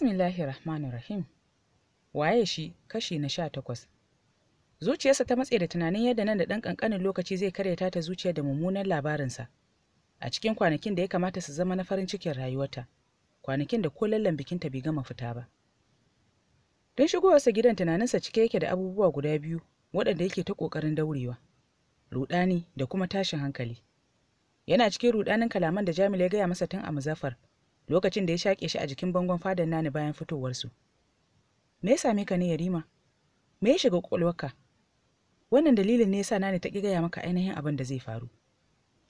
Bismillahi Rahmanir Rahim. Waye shi kashi na sha takwas. Zuciyarsa ta matse da tunanin yadda nan da ɗan ƙanƙanin lokaci zai karya ta zuciya da mummunan labarinsa. A cikin kwanakin da ya kamata su zama na farin cikin rayuwarta, kwanakin da ko lallan ta bai gama fita ba. Tun shigowarsa gidan tunaninsa cike yake da abubuwa guda biyu waɗanda yake ta ƙoƙarin daurewa. rudani, da kuma tashin hankali. Yana cikin rudanin kalaman da Jamil ya gaya masa tun a muzaffar, lokacin da ya shaƙe shi a jikin bangon fadan nani bayan fitowarsu me ya same ka ne yarima me ya shiga ƙwaƙwalwarka wannan dalilin ne ya yasa nani ta ƙi gaya maka ainihin abin da zai faru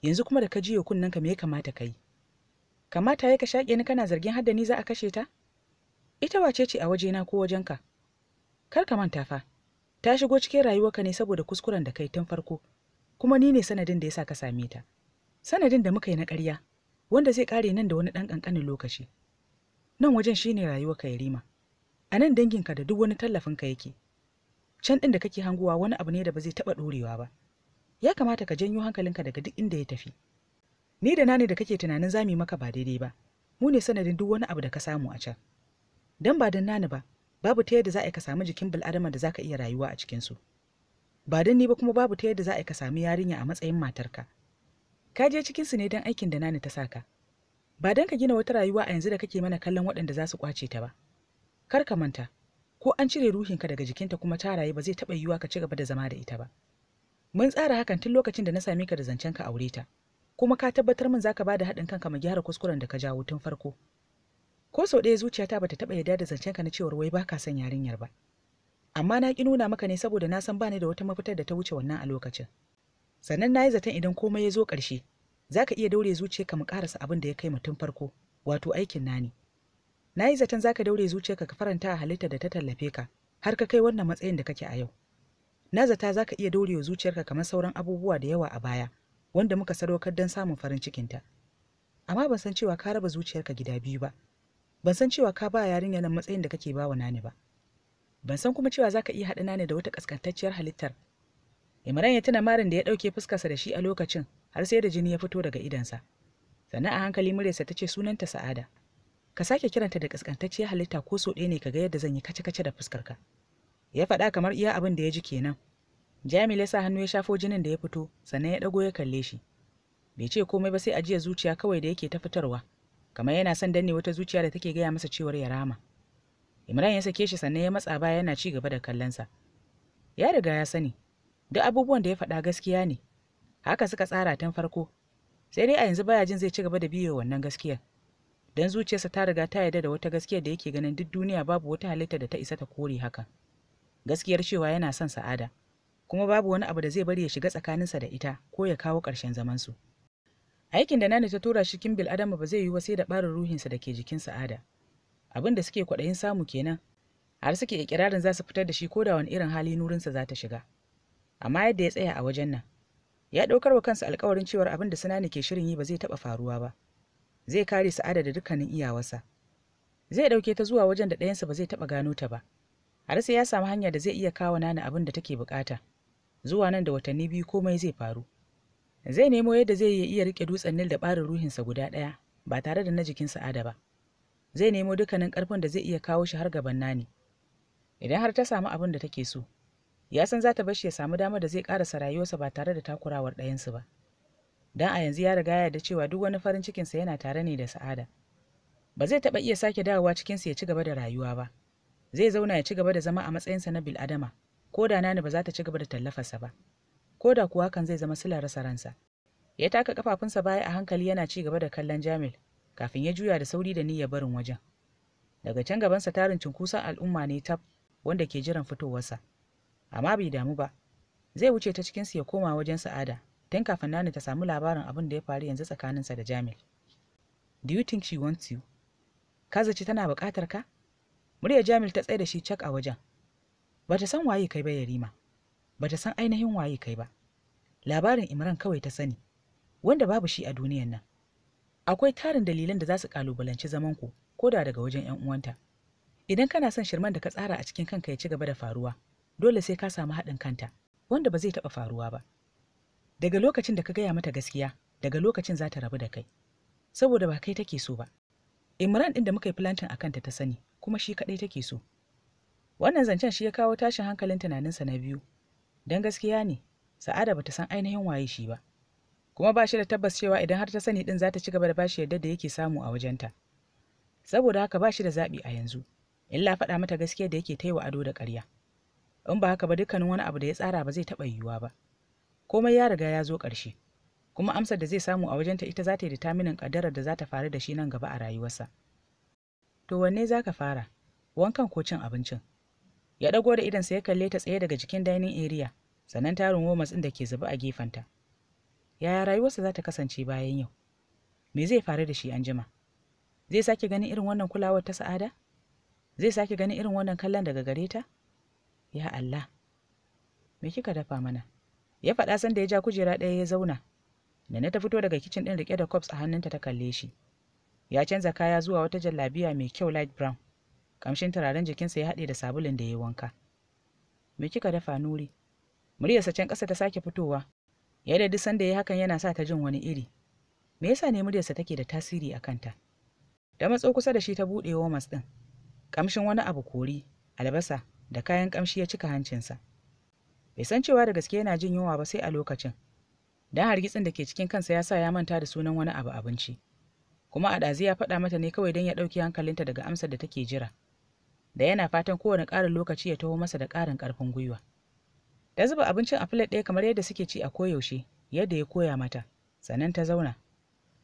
yanzu kuma da ka jiyo ka me ya kamata ka yi kamata ya ka shaƙe ni kana zargin hadda ni za a kashe ta ita wace ce a wajena ko wajen ka? kar ka manta fa ta shigo cikin ka ne saboda kuskuren da kai tun farko kuma ni ne sanadin da ya sa ka same ta sanadin da muka yi na ƙarya wanda zai kare nan da wani ɗan ƙanƙanin lokaci nan wajen shi ne rayuwarka ka rima a nan danginka da duk wani tallafinka yake can ɗin da kake hanguwa wani abu ne da ba zai taɓa ɗorewa ba ya kamata ka janyo hankalinka daga duk inda ya tafi ni da nani da kake tunanin zami maka ba daidai ba mu ne sanadin duk wani abu da ka samu a can dan ba dan nani ba babu ta yadda za a ka samu jikin bil'adama da za ka iya rayuwa a cikinsu ba dan ni ba kuma babu ta yadda za a ka samu yarinya a matsayin matarka ka je cikinsu ne don aikin da nani ta saka ba don ka gina wata rayuwa a yanzu da kake mana kallon waɗanda za su kwace ta ba kar ka manta ko an cire ruhinka daga jikinta kuma ta rayu ba zai taɓa yiwuwa ka ci gaba da zama da ita ba mun tsara hakan tun lokacin da na same ka da zancen ka aure ta kuma ka tabbatar min zaka bada haɗin kanka mu gyara kuskuren da ka jawo tun farko ko sau ɗaya zuciyata bata taɓa yarda da zancen ka na cewar wai baka son yarinyar ba amma na ƙi nuna maka ne saboda na san bani da wata mafitar da ta wuce wannan a lokacin sannan na yi zaton idan komai ya zo ƙarshe za ka iya daure zuciyarka mu ƙarasa abin da ya kai mutum farko wato aikin na ne. na yi zaton za ka daure zuciyarka ka faranta a halitta da ta tallafe ka har ka kai wannan matsayin da kake a yau na zata za ka iya daure wa zuciyarka kamar sauran abubuwa da yawa a baya wanda muka sadaukar don samun farin cikinta amma ban san cewa ka raba zuciyarka gida biyu ba ban san cewa ka ba yarinya nan matsayin da kake ba wa nani ba ban san kuma cewa za ka iya haɗa nani da wata ƙasƙantacciyar halittar Imran ya tuna marin da ya ɗauke fuskarsa da shi a lokacin har sai da jini ya fito daga idansa. Sannan a hankali muryarsa ta ce sunanta Sa'ada. Ka sake kiranta da kaskantacciyar halitta ko so ɗaya ne ka ga yadda zan yi kace-kace da fuskarka. Ya faɗa kamar iya abin da ya ji kenan. Jamil ya sa hannu ya shafo jinin da ya fito sannan ya ɗago ya kalle shi. Bai ce komai ba sai ajiya zuciya kawai da yake ta fitarwa. Kamar yana son danne wata zuciya da take gaya masa cewar ya rama. Imran ya sake shi sannan ya matsa baya yana ci gaba da kallonsa. Ya riga ya sani, duk abubuwan da ya faɗa gaskiya ne haka suka tsara tun farko sai dai a yanzu baya jin zai ci gaba da biyo wannan gaskiyar don zuciyarsa ta riga ta yarda da wata gaskiya da yake ganin duk duniya babu wata halitta da ta isa ta kore haka gaskiyar cewa yana son sa'ada kuma babu wani abu da zai bari ya shiga tsakaninsa da ita ko ya kawo ƙarshen zamansu aikin da nani ta tura shi kin bil adamu ba zai yi wa sai da ɓarin ruhinsa da ke jikin sa'ada abin da suke kwaɗayin samu kenan har suke ikirarin za su fitar da shi ko da wani irin hali nurinsa za ta shiga amma yadda ya tsaya a wajen nan ya ɗaukar wa kansa alkawarin cewar abin da sunani ke shirin yi ba zai taɓa faruwa ba zai kare sa'ada da dukkanin iyawarsa zai ɗauke ta zuwa wajen da ɗayansa ba zai taɓa gano ta ba har sai ya samu hanya da zai iya kawo nana abin da take bukata zuwa nan da watanni biyu komai zai faru zai nemo yadda zai iya rike dutsen nil da ɓarin ruhinsa guda ɗaya ba tare da na jikin sa'ada ba zai nemo dukkanin ƙarfin da zai iya kawo shi har gaban nani idan har ta samu abin da take so ya san za ta bar shi ya samu damar da zai karasa rayuwarsa ba tare da takurawar ɗayansu ba dan a yanzu ya riga ya da cewa duk wani farin cikin sa yana tare ne da sa'ada ba zai taɓa iya sake dawowa cikin sa ya ci gaba da rayuwa ba zai zauna ya ci gaba da zama a matsayinsa na bil adama, ko da nani ba za ta ci gaba da tallafarsa ba ko da kuwa kan zai zama silar rasa ransa ya taka kafafunsa baya a hankali yana ci gaba da kallon jamil kafin ya juya da sauri da niyyar barin wajen daga can gabansa tarin cunkusan al'umma ne tab wanda ke jiran fitowarsa amma bai damu ba zai wuce ta cikinsu ya koma wajen sa'ada tun kafin nani ta samu labarin abin da ya faru yanzu tsakaninsa da jamil do you think she wants you ka zaci tana buƙatar ka murya jamil ta tsaye da shi cak a wajen ba ta san waye kai ba yarima ba ta san ainihin waye kai ba labarin imran kawai ta sani wanda babu shi a duniyan nan akwai tarin dalilan da za su kalubalanci zamanku ko da daga wajen 'yan uwanta idan kana son shirman da ka tsara a cikin kanka ya ci gaba da faruwa dole sai ka samu haɗin kanta wanda ba zai taɓa faruwa ba daga lokacin da ka gaya mata gaskiya daga lokacin za ta rabu da kai saboda ba kai take so ba imran ɗin da muka yi plantin a kanta ta sani kuma shi kaɗai take so wannan zancen shi ya kawo tashin hankalin tunaninsa na biyu don gaskiya ne sa'ada ba ta san ainihin waye shi ba kuma ba shi da tabbas cewa idan har ta sani ɗin za ta ci gaba da bashi yadda da yake samu a wajenta saboda haka ba shi da zaɓi a yanzu illa faɗa mata gaskiya da yake ta wa ado da ƙarya in ba haka ba dukkanin wani abu da ya tsara ba zai taɓa yiwuwa ba komai ya riga ya zo ƙarshe kuma amsar da zai samu a wajenta ita za ta yi taminin ƙaddarar da za ta faru da shi nan gaba a rayuwarsa to wanne za ka fara wankan ko cin abincin ya ɗago da idansa ya kalle ta tsaye daga jikin dining area sannan tarin womas ɗin da ke zuba a gefenta yaya rayuwarsa za ta kasance bayan yau me zai faru da shi an jima zai sake ganin irin wannan kulawar ta sa'ada zai sake ganin irin wannan kallon daga gare ta ya Allah me kika dafa mana ya faɗa san da ya ja kujera ɗaya ya zauna Nana ta fito daga kicin ɗin rike da cups a hannunta ta kalle shi ya canza kaya zuwa wata jallabiya mai kyau light brown kamshin turaren jikinsa ya haɗe da sabulun da ya yi wanka me kika dafa nuri muryarsa can ƙasa ta sake fitowa yadda duk sanda ya hakan yana sa ta jin wani iri me yasa ne muryarsa take da tasiri a kanta da matso kusa da shi ta buɗe womas ɗin kamshin wani abu kori albasa da kayan kamshi ya cika hancinsa bai san cewa da gaske yana jin yunwa ba sai a lokacin dan hargitsin da ke cikin kansa ya sa ya manta da sunan wani abu abinci kuma a ɗazi ya faɗa mata ne kawai don ya ɗauki hankalinta daga amsar da take jira da yana fatan kowane ƙarin lokaci ya taho masa da ƙarin ƙarfin gwiwa ta zuba abincin a filet ɗaya kamar yadda suke ci a koyaushe yadda ya koya mata sannan ta zauna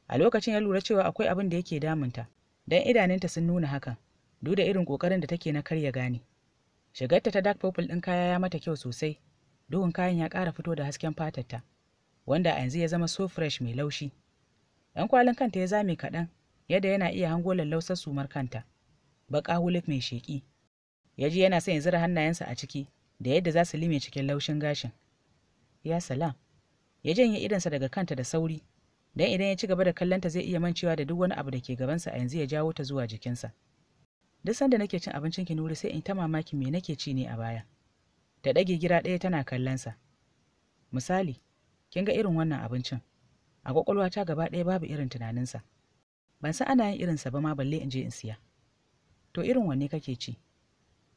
a lokacin ya lura cewa akwai abin da yake damunta don idanunta sun nuna hakan duk da irin ƙoƙarin da take na karya gane shigarta ta dark purple ɗin kaya ya mata kyau sosai duhun kayan ya ƙara fito da hasken fatarta wanda a yanzu ya zama so fresh mai laushi ɗan kwalin kanta ya zame kaɗan yadda yana iya hango lallausar sumar kanta baƙa hulik mai sheƙi ya ji yana son ya zira hannayensa a ciki da yadda za su lime cikin laushin gashin ya salam ya janye idonsa daga kanta da sauri dan idan ya ci gaba da kallonta zai iya mancewa da duk wani abu da ke gabansa a yanzu ya jawo ta zuwa jikinsa duk sanda nake cin abincin ki nuri sai in ta mamaki me nake ci ne a baya da ɗage gira ɗaya tana kallonsa misali kin ga irin wannan abincin a ta gaba ɗaya babu irin tunaninsa ban san ana yin irinsa ba ma balle in je in siya to irin wanne kake ci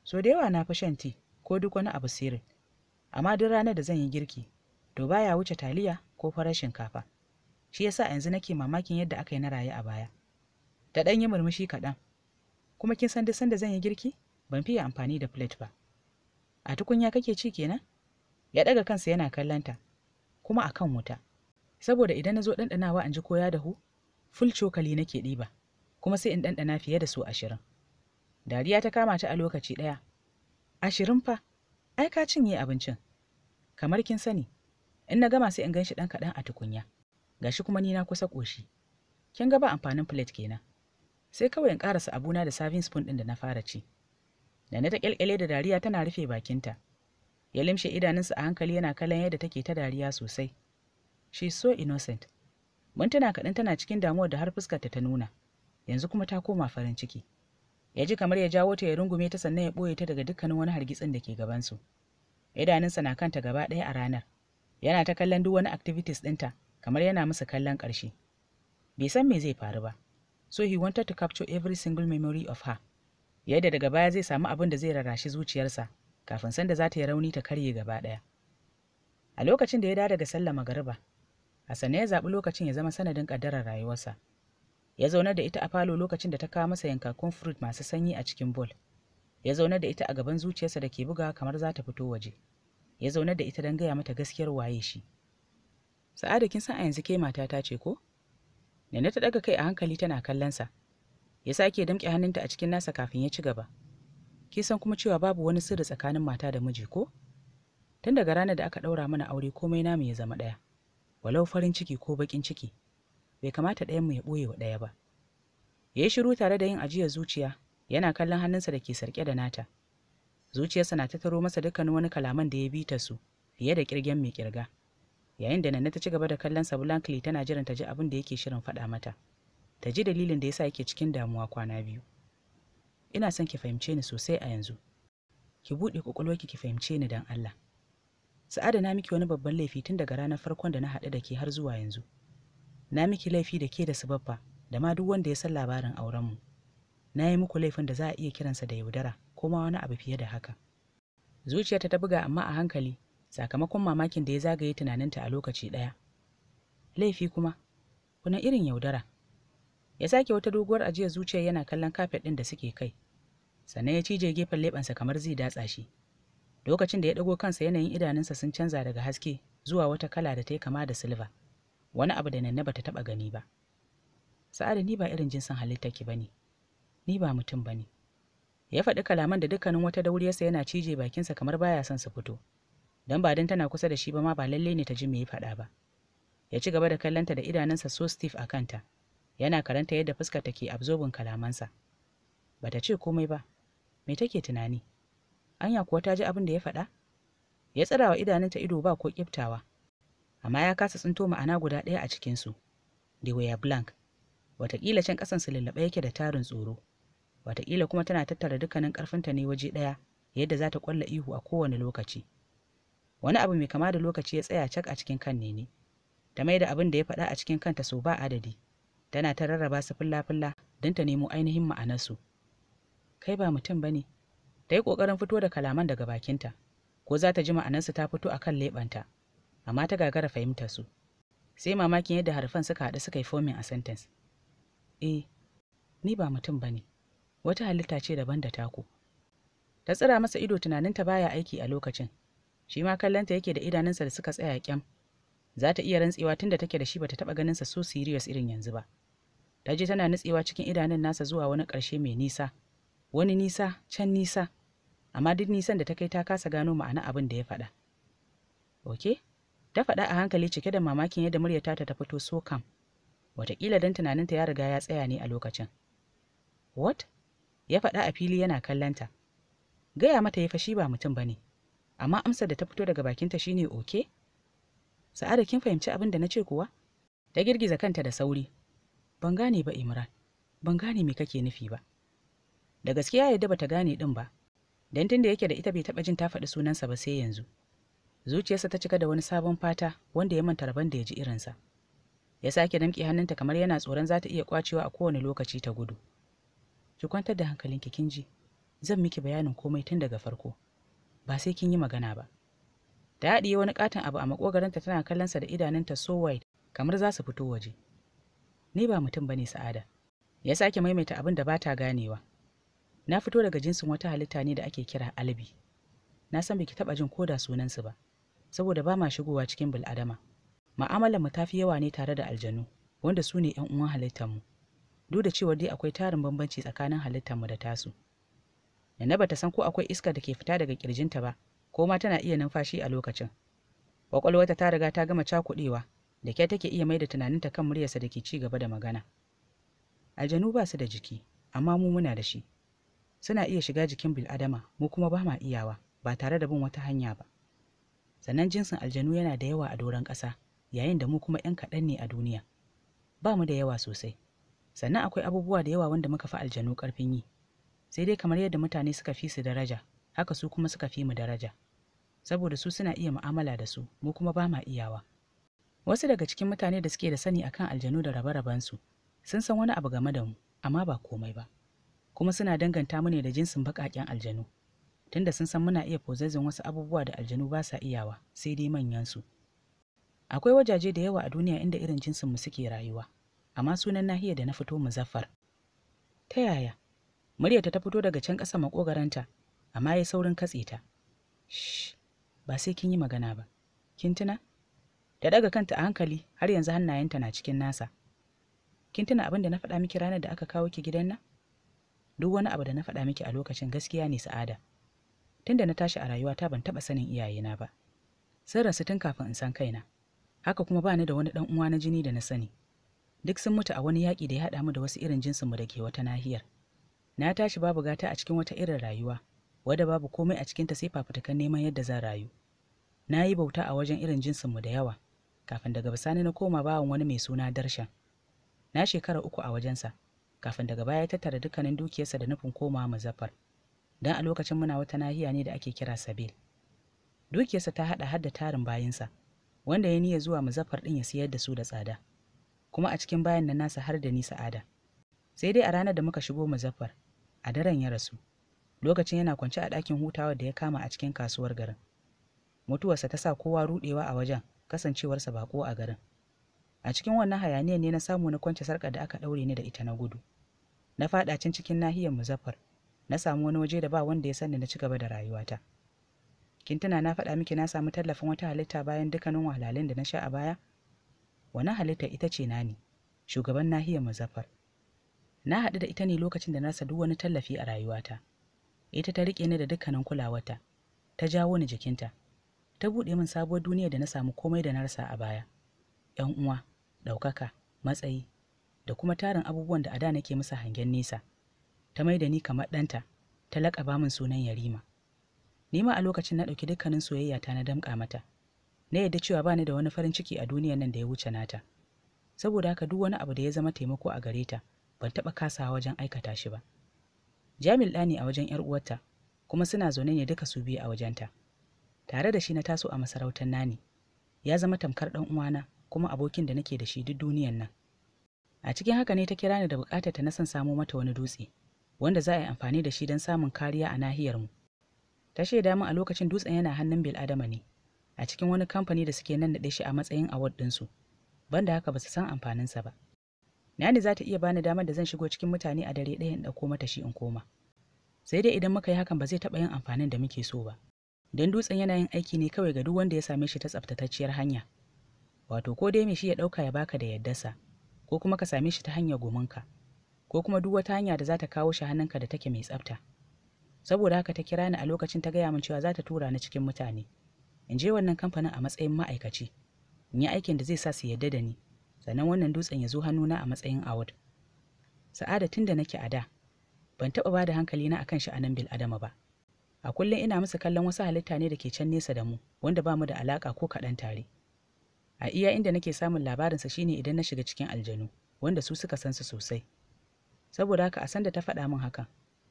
so da yawa na fi shan ti ko duk wani abu sirri amma duk ranar da zan yi girki to baya wuce taliya ko farar shinkafa shi yasa yanzu nake mamakin yadda aka yi na raye a baya da ɗan yi murmushi kaɗan kuma kin san duk sanda zan yi girki ban fiye amfani da plate ba a tukunya kake ci kenan ya daga kansa yana kallanta kuma a kan wuta saboda idan na zo ɗanɗanawa in ji koya ya dahu ful cokali nake ɗiba kuma sai in ɗanɗana fiye da su ashirin dariya ta kama ta a lokaci ɗaya ashirin fa ai ka cinye abincin kamar kin sani in na gama sai in gan shi ɗan kaɗan a tukunya gashi kuma ni na kusa koshi. kin ga ba amfanin plate kenan sai kawai in karasa abuna da serving spoon ɗin da na fara ci da na ta kyalkyale da dariya tana rufe bakinta ya limshe idanunsa a hankali yana kallon yadda take ta dariya sosai she is so innocent mun tana kaɗan tana cikin damuwar da har fuskarta ta nuna yanzu kuma ta koma farin ciki ya ji kamar ya jawo ta ya rungume ta sannan ya ɓoye ta daga dukkanin wani hargitsin da ke gabansu idanunsa na kanta gaba ɗaya a ranar yana ta kallon duk wani activities ɗinta kamar yana musu kallon ƙarshe bai san me zai faru ba so he wanted to capture every single memory of her yadda daga baya zai samu abin da zai rarashi zuciyarsa kafin sanda za ta yi rauni ta karye gaba ɗaya a lokacin da ya dawo daga sallah magariba Hassan ya zaɓi lokacin ya zama sanadin ƙaddarar rayuwarsa ya zauna da ita a falo lokacin da ta kawo masa yankakkun fruit masu sanyi a cikin bol ya zauna da ita a gaban zuciyarsa da ke bugawa kamar za ta fito waje ya zauna da ita don gaya mata gaskiyar waye shi Sa'a da kin san a yanzu ke matata ce ko Nana ta ɗaga kai a hankali tana kallonsa. Ya sake damƙe hannunta a cikin nasa kafin ya ci gaba. Ki san kuma cewa babu wani sirri tsakanin mata da miji ko? Tun daga ranar da aka ɗaura mana aure komai namu ya zama ɗaya. Walau farin ciki ko baƙin ciki. Bai kamata ɗayan mu ya ɓoye wa ɗaya ba. Ya yi shiru tare da yin ajiyar zuciya, yana kallon hannunsa da ke sarƙe da nata. Zuciyarsa na ta taro masa dukkanin wani kalaman da ya bi ta su, fiye da ƙirgen mai ƙirga. yayin da nanna ta ci gaba da kallon sa blankly tana jiran ta ji abin da yake shirin faɗa mata ta ji dalilin da yasa yake cikin damuwa kwana biyu ina son ki fahimce ni sosai a yanzu ki buɗe ƙwaƙwalwarki ki fahimce ni dan Allah sa'ada na miki wani babban laifi tun daga ranar farkon da na haɗu da ke har zuwa yanzu na miki laifi da ke da subabba da ma duk wanda ya san labarin aurenmu na yi muku laifin da za a iya kiransa da yaudara ko ma wani abu fiye da haka Zuciyata ta buga amma a hankali sakamakon mamakin da ya zagaye tunaninta a lokaci ɗaya. Laifi kuma, kuna irin yaudara. Ya sake wata doguwar ajiyar zuciya yana kallon kafet ɗin da suke kai, sannan ya cije gefen leɓensa kamar zai datsa shi. Lokacin da ya ɗago kansa yanayin idanunsa sun canza daga haske zuwa wata kala da ta yi kama da silva, wani abu da nanna bata taɓa gani ba. Sa'ada ni ba irin jinsin halitta ba ne, ni ba mutum bane Ya faɗi kalaman da dukkanin wata dauriyarsa yana cije bakinsa kamar baya son su fito. don ba don tana kusa da shi ba ma ba lalle ne ta ji me ya faɗa ba ya ci gaba da kallonta da idanunsa so stiff a kanta yana karanta yadda fuskar ta ke abzobin kalamansa ba ta ce komai ba me take tunani anya kuwa ta ji abin da ya faɗa ya tsirawa idanunta ido ba ko kiftawa amma ya kasa tsinto ma'ana guda ɗaya a cikinsu they were blank wataƙila can ƙasan su lullaɓe yake da tarin tsoro wataƙila kuma tana tattara dukkanin ƙarfinta ne waje ɗaya yadda za ta ƙwalla ihu a kowane lokaci wani abu mai kama da lokaci ya tsaya cak a cikin kan ne ta mai da abin da ya faɗa a cikin kanta so ba adadi tana ta rarraba su fulla-fulla don ta nemo ainihin ma'anarsu kai ba mutum ba ne ta yi ƙoƙarin fito da kalaman daga bakinta ko za ta ji ma'anarsu ta fito a kan leɓanta amma ta gagara fahimta su sai mamakin yadda harfan suka haɗu suka yi fomin a sentens eh ni ba mutum ba ne wata halitta ce daban da taku ta tsira masa ido tunaninta baya aiki a lokacin shi ma kallonta yake da idanunsa da suka tsaya kyam za ta iya rantsewa tunda take da shi bata taba sa so serious irin yanzu ba ta je tana nutsewa cikin idanun nasa zuwa wani karshe mai nisa wani nisa can nisa amma duk nisan da ta kai ta kasa gano ma'ana abin da ya faɗa oke ta faɗa a hankali cike da mamakin yadda murya ta fito so kam wataƙila don tunaninta ya riga ya tsaya ne a lokacin what ya faɗa a fili yana kallanta gaya mata ya fashi ba mutum ba ne amma amsar da ta fito daga bakinta shine oke sa'ada kin fahimci abin da na ce kuwa ta girgiza kanta da sauri ban gane ba imran ban gane me kake nufi ba da gaskiya yadda bata gane din ba dan tunda yake da ita bai taba jin ta faɗi sunansa ba sai yanzu zuciyarsa ta cika da wani sabon fata wanda ya manta rabon da ya ji irinsa ya sake damƙe hannunta kamar yana tsoron za ta iya kwacewa a kowane lokaci ta gudu ki kwantar da hankalinki kin ji zan miki bayanin komai tun daga farko ba sai kin yi magana ba da haɗiye wani katon abu a makogaranta tana kallonsa da idanunta so wide kamar za su fito waje ni ba mutum ba ne, sa'ada ya sake maimaita abin da ta ganewa na fito daga jinsin wata halitta ne da ake kira albi na san biki taɓa jin da sunansu ba saboda ba ma shigowa cikin bil'adama ma'amalar mu tafi yawa ne tare da aljanu wanda su ne 'yan uwan halittar mu duk da cewa dai akwai tarin bambanci tsakanin halittar mu da tasu Nana bata san ko akwai iska da ke fita daga kirjinta ba, ko ma tana iya numfashi a lokacin. Kwakwalwata ta riga ta gama cakuɗewa, da ke take iya mai da tunaninta kan muryarsa da ke ci gaba da magana. Aljanu ba su da jiki, amma mu muna da shi. Suna iya shiga jikin bil'adama, mu kuma ba ma iyawa, ba tare da bin wata hanya ba. Sannan jinsin aljanu yana da yawa a doron ƙasa, yayin da mu kuma 'yan kaɗan ne a duniya. Ba mu da yawa sosai. Sannan akwai abubuwa da yawa wanda muka fi aljanu ƙarfin yi, sai dai kamar yadda mutane suka fi su daraja haka su kuma suka fi mu daraja saboda su suna iya mu'amala da su mu kuma ba ma iyawa wasu daga cikin mutane da suke da sani akan aljanu da rabe su sun san wani abu game da mu amma ba komai ba kuma suna danganta mu ne da jinsin baƙaƙen aljanu tunda sun san muna iya fozazin wasu abubuwa da aljanu ba sa iyawa sai dai manyan su akwai wajaje da yawa a duniya inda irin jinsin mu suke rayuwa amma sunan nahiya da na fito mu muzaffar ta yaya muryarta ta fito daga can ƙasa makogaranta amma ya saurin katse ta ba sai kin yi magana ba kin tuna ta daga kanta a hankali har yanzu hannayenta na cikin nasa kin tuna abin da na faɗa miki ranar da aka kawo ki gidan nan duk wani abu da na faɗa miki a lokacin gaskiya ne sa'ada tunda na tashi a rayuwata ban taɓa sanin iyayena ba sun rasu tun kafin in san kaina haka kuma bani da wani ɗan uwa na jini da na sani duk sun mutu a wani yaƙi da ya haɗa mu da wasu irin jinsinmu da ke wata nahiyar na tashi babu gata a cikin wata irin rayuwa wadda babu komai a cikinta sai fafutukan neman yadda zan rayu na yi bauta a wajen irin jinsinmu da yawa kafin daga bisani na koma bawan wani mai suna darshan na shekara uku a wajensa kafin daga baya ya tattara dukkanin dukiyarsa da nufin komawa muzaffar don a lokacin muna wata nahiya ne da ake kira sabil dukiyarsa ta haɗa hadda tarin bayinsa wanda ya niyya zuwa muzaffar ɗin ya sayar da su da tsada kuma a cikin bayan na nasa har da ni sa'ada sai dai a ranar da muka shigo muzaffar a daren ya rasu lokacin yana kwance a ɗakin hutawa da ya kama a cikin kasuwar garin mutuwarsa ta sa kowa ruɗewa a wajen kasancewarsa bako a garin a cikin wannan hayaniyar ne na samu na kwance sarƙar da aka ɗaure ni da ita na gudu na faɗa can cikin nahiyar muzaffar na samu wani waje da ba wanda ya sani na ci gaba da rayuwata kin tuna na faɗa miki na samu tallafin wata halitta bayan dukkanin wahalhalun da na sha a baya wannan halitta ita ce nani shugaban nahiyar muzaffar na haɗu da ita ne lokacin da na rasa duk wani tallafi a rayuwata ita ta riƙe ni da dukkanin kulawarta ta jawo ni jikinta ta buɗe min sabuwar duniya da na samu komai da na rasa a baya ‘yan uwa ɗaukaka matsayi da kuma tarin abubuwan da a da nake musu hangen nesa ta mai da ni kamar ɗanta ta laƙaba min sunan yarima ni ma a lokacin na ɗauki dukkanin soyayya ta na damƙa mata na yadda cewa bani da wani farin ciki a duniyan nan da ya wuce nata saboda haka duk wani abu da ya zama taimako a gare ta ban taɓa kasawa wajen aikata shi ba jamil ɗani a wajen ‘yar uwarta kuma suna zaune ne duka su biyu a wajenta tare da shi na taso a masarautar nani ya zama tamkar ɗan uwana kuma abokin da nake da shi duk duniyan nan a cikin haka ne ta kira ni da buƙatar ta na son samo mata wani dutse wanda za a yi amfani da shi don samun kariya a nahiyar mu ta shaida min a lokacin dutsen yana hannun bil adama ne a cikin wani kamfani da suke nan da shi a matsayin award ɗinsu banda haka ba su san amfaninsa ba Nani za ta iya bani damar da zan shigo cikin mutane a dare ɗaya in ɗauko mata shi in koma. Sai dai idan muka yi hakan ba zai taɓa yin amfanin da muke so ba. Don dutsen yana yin aiki ne kawai ga duk wanda ya same shi ta tsaftatacciyar hanya. Wato ko dai me shi ya ɗauka ya baka da sa ko kuma ka same shi ta hanyar gominka, ko kuma duk wata hanya da za ta kawo shi hannunka da take mai tsafta. Saboda haka ta kira ni a lokacin ta gaya min cewa za ta tura ni cikin mutane. In je wannan kamfanin a matsayin ma'aikaci, in yi aikin da zai sa su yadda da ni, sannan wannan dutsen ya zo hannuna a matsayin awad sa'ada tun da nake a da ban taɓa ba da hankali na akan sha'anin bil adama ba a kullum ina masa kallon wasu halitta ne da ke can nesa da mu wanda ba mu da alaƙa ko kaɗan tare a iya inda nake samun labarinsa shine idan na shiga cikin aljanu wanda su suka san su sosai saboda haka a san da ta faɗa min hakan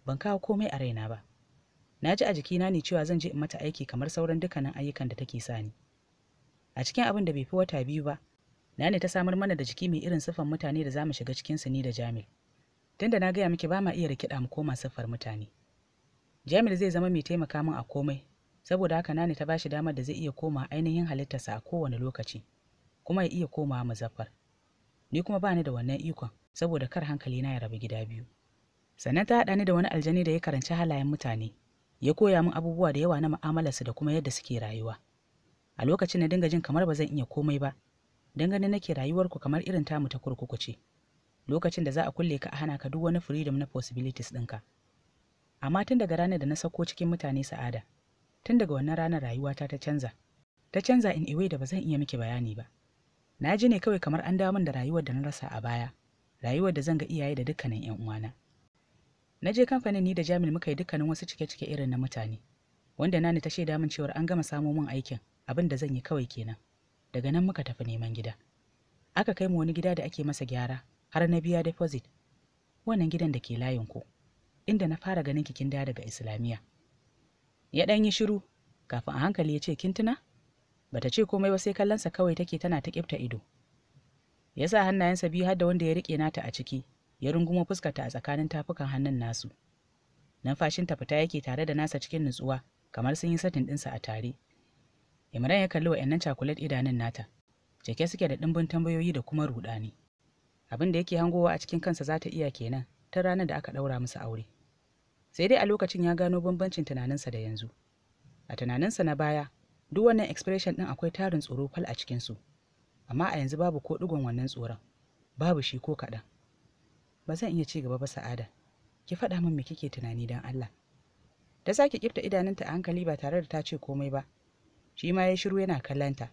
ban kawo komai a raina ba na ji a jikina ne cewa zan je in mata aiki kamar sauran dukkanin ayyukan da take sani a cikin abin da bai fi wata biyu ba na ne ta samar mana da jiki mai irin siffar mutane da za mu shiga cikinsu ni da jamil tun da na gaya miki ba ma iya rikida mu koma siffar mutane jamil zai zama mai taimaka min a komai saboda haka na ne ta bashi damar da zai iya koma ainihin halittarsa a kowane lokaci kuma ya iya komawa mu zafar ni kuma ba ni da wannan ikon saboda kar hankali na ya rabu gida biyu sannan ta haɗa ni da wani aljani da ya karanci halayen mutane ya koya min abubuwa da yawa na mu'amalarsu da kuma yadda suke rayuwa a lokacin na dinga jin kamar ba zan iya komai ba don ganin nake ku kamar irin tamu ta kurkuku ce lokacin da za a kulle ka a hana ka duk wani freedom na possibilities ɗinka amma tun daga ranar da na sauko cikin mutane sa'ada tun daga wannan ranar rayuwata ta canza ta canza in iwe da ba zan iya miki bayani ba na ji ne kawai kamar an dawo min da rayuwar da na rasa a baya rayuwar da zan ga iyaye da dukkanin yan uwana na je kamfanin ni da jamil muka yi dukkanin wasu cike-cike irin na mutane wanda nani ta shaida min cewar an gama samo min aikin abin da zan yi kawai kenan daga nan muka tafi neman gida aka kai mu wani gida da ake masa gyara har na biya deposit wannan gidan da ke layin ku inda na fara ganin kikin da daga islamiyya ya ɗan yi shiru kafin a hankali ya ce kin tuna bata ce komai ba sai kallonsa kawai take tana ta kifta ido ya sa hannayensa biyu har da wanda ya riƙe nata a ciki ya rungumo fuskarta a tsakanin tafukan hannun nasu numfashinta fita yake tare da nasa cikin nutsuwa kamar sun yi satin ɗinsa a tare Imran ya kalli wa'annan cakulet idanun nata. Cike suke da ɗimbin tambayoyi da kuma ruɗani. Abin da yake hangowa a cikin kansa za ta iya kenan ta ranar da aka ɗaura musu aure. Sai dai a lokacin ya gano bambancin tunaninsa da yanzu. A tunaninsa na baya, duk wannan expression ɗin akwai tarin tsoro fal a cikin su Amma a yanzu babu ko ɗigon wannan tsoron. Babu shi ko kaɗan. Ba zan iya ci gaba ba sa'ada. Ki faɗa min me kike tunani dan Allah. Ta sake kifta idanunta a hankali ba tare da ta ce komai ba, shi ma ya shiru yana kallanta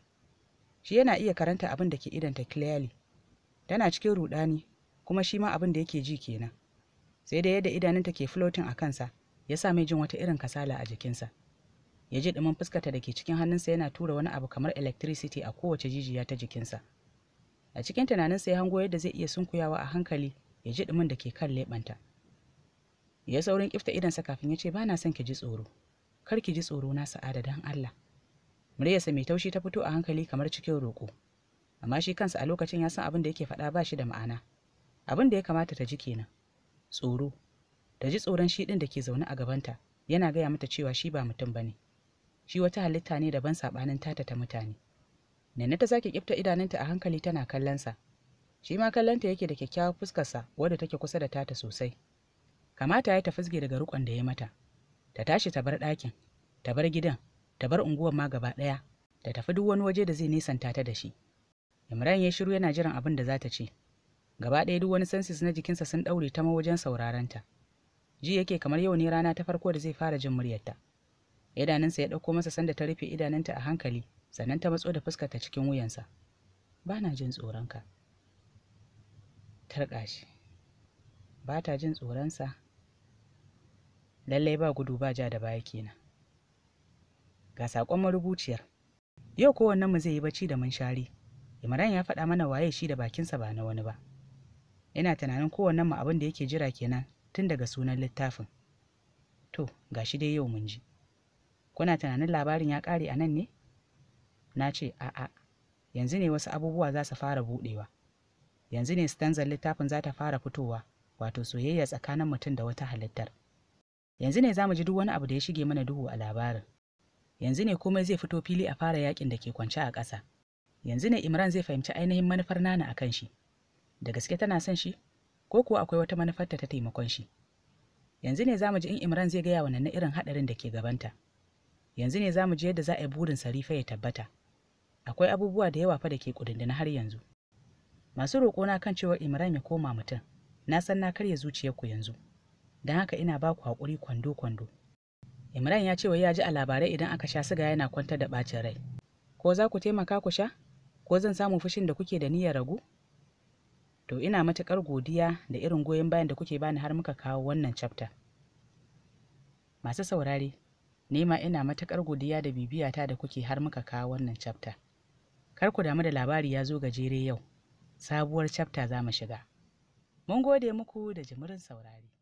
shi yana iya karanta abin da ke idanta clearly tana cikin rudani kuma shi ma abin da yake ji kenan sai da yadda idanunta ke floating a kansa ya sa mai jin wata irin kasala a jikinsa ya ji dumin fuskarta da ke cikin hannunsa yana tura wani abu kamar electricity a kowace jijiya ta jikinsa a cikin tunaninsa ya hango yadda zai iya sunkuyawa a hankali ya ji dumin da ke kan leɓanta ya saurin kifta idansa kafin ya ce ba na son ki ji tsoro kar ki ji tsoro na sa'ada dan allah muryarsa mai taushi ta fito a hankali kamar cikin roƙo amma shi kansa a lokacin ya san abin da yake faɗa ba shi da ma'ana abin da ya kamata ta ji kenan tsoro ta ji tsoron shi ɗin da ke zaune a gabanta yana gaya mata cewa shi ba mutum ba ne shi wata halitta ne daban saɓanin tata ta mutane Nana ta sake kifta idanunta a hankali tana kallonsa shi ma kallonta yake da kyakkyawar fuskarsa wadda take kusa da tata sosai kamata ya ta daga rukon da ya mata ta tashi ta bar ɗakin ta bar gidan ta bar unguwar ma gaba ɗaya ta tafi duk wani waje da zai nisanta ta da shi imran ya shiru yana jiran abin da za ta ce gaba ɗaya duk wani sensis na jikinsa sun ɗaure ta wajen ta ji yake kamar yau ne rana ta farko da zai fara jin muryarta idanunsa ya ɗauko masa sanda ta rufe idanunta a hankali sannan ta matso da fuskar ta cikin wuyansa ba na jin tsoronka tarka shi ba ta jin tsoronsa lallai ba gudu ba ja da baya kenan ga sakon marubuciyar yau kowannen mu zai yi bacci da mun munshari imran ya faɗa mana waye shi da bakinsa ba na wani ba ina tunanin kowanne mu abin da yake jira kenan tun daga sunan littafin to shi dai yau mun ji kuna tunanin labarin ya ƙare a nan ne na ce a'a yanzu ne wasu abubuwa za su fara buɗewa yanzu ne stanzar littafin za ta fara fitowa wato soyayya tsakanin mutum da wata halittar yanzu ne za mu ji duk wani abu da ya shige mana duhu a labarin yanzu ne komai zai fito fili a fara yakin da ke kwance a ƙasa yanzu ne imran zai fahimci ainihin manufar nana akan shi da gaske tana son shi ko kuwa akwai wata manufar ta taimakon shi yanzu ne za mu ji in imran zai gaya wa na irin haɗarin da ke gabanta yanzu ne za mu ji yadda za a yi burin sarifa ya tabbata akwai abubuwa da yawa fa da ke na har yanzu masu na kan cewa imran ya koma mutum na san na karya zuciyarku yanzu don haka ina ba ku haƙuri kwando-kwando Imran ya ce wai ya ji a labarai idan aka sha siga yana kwantar da bacin rai. Ko za ku taimaka ku sha? Ko zan samu fushin da kuke da niyyar ragu? To ina matuƙar godiya da irin goyon bayan da kuke bani har muka kawo wannan chapter. Masu saurare, ni ma ina matuƙar godiya da bibiyata da kuke har muka kawo wannan chapter. Kar ku damu da labari ya zo gajere yau. Sabuwar chapter za mu shiga. Mun gode muku da jimirin saurare.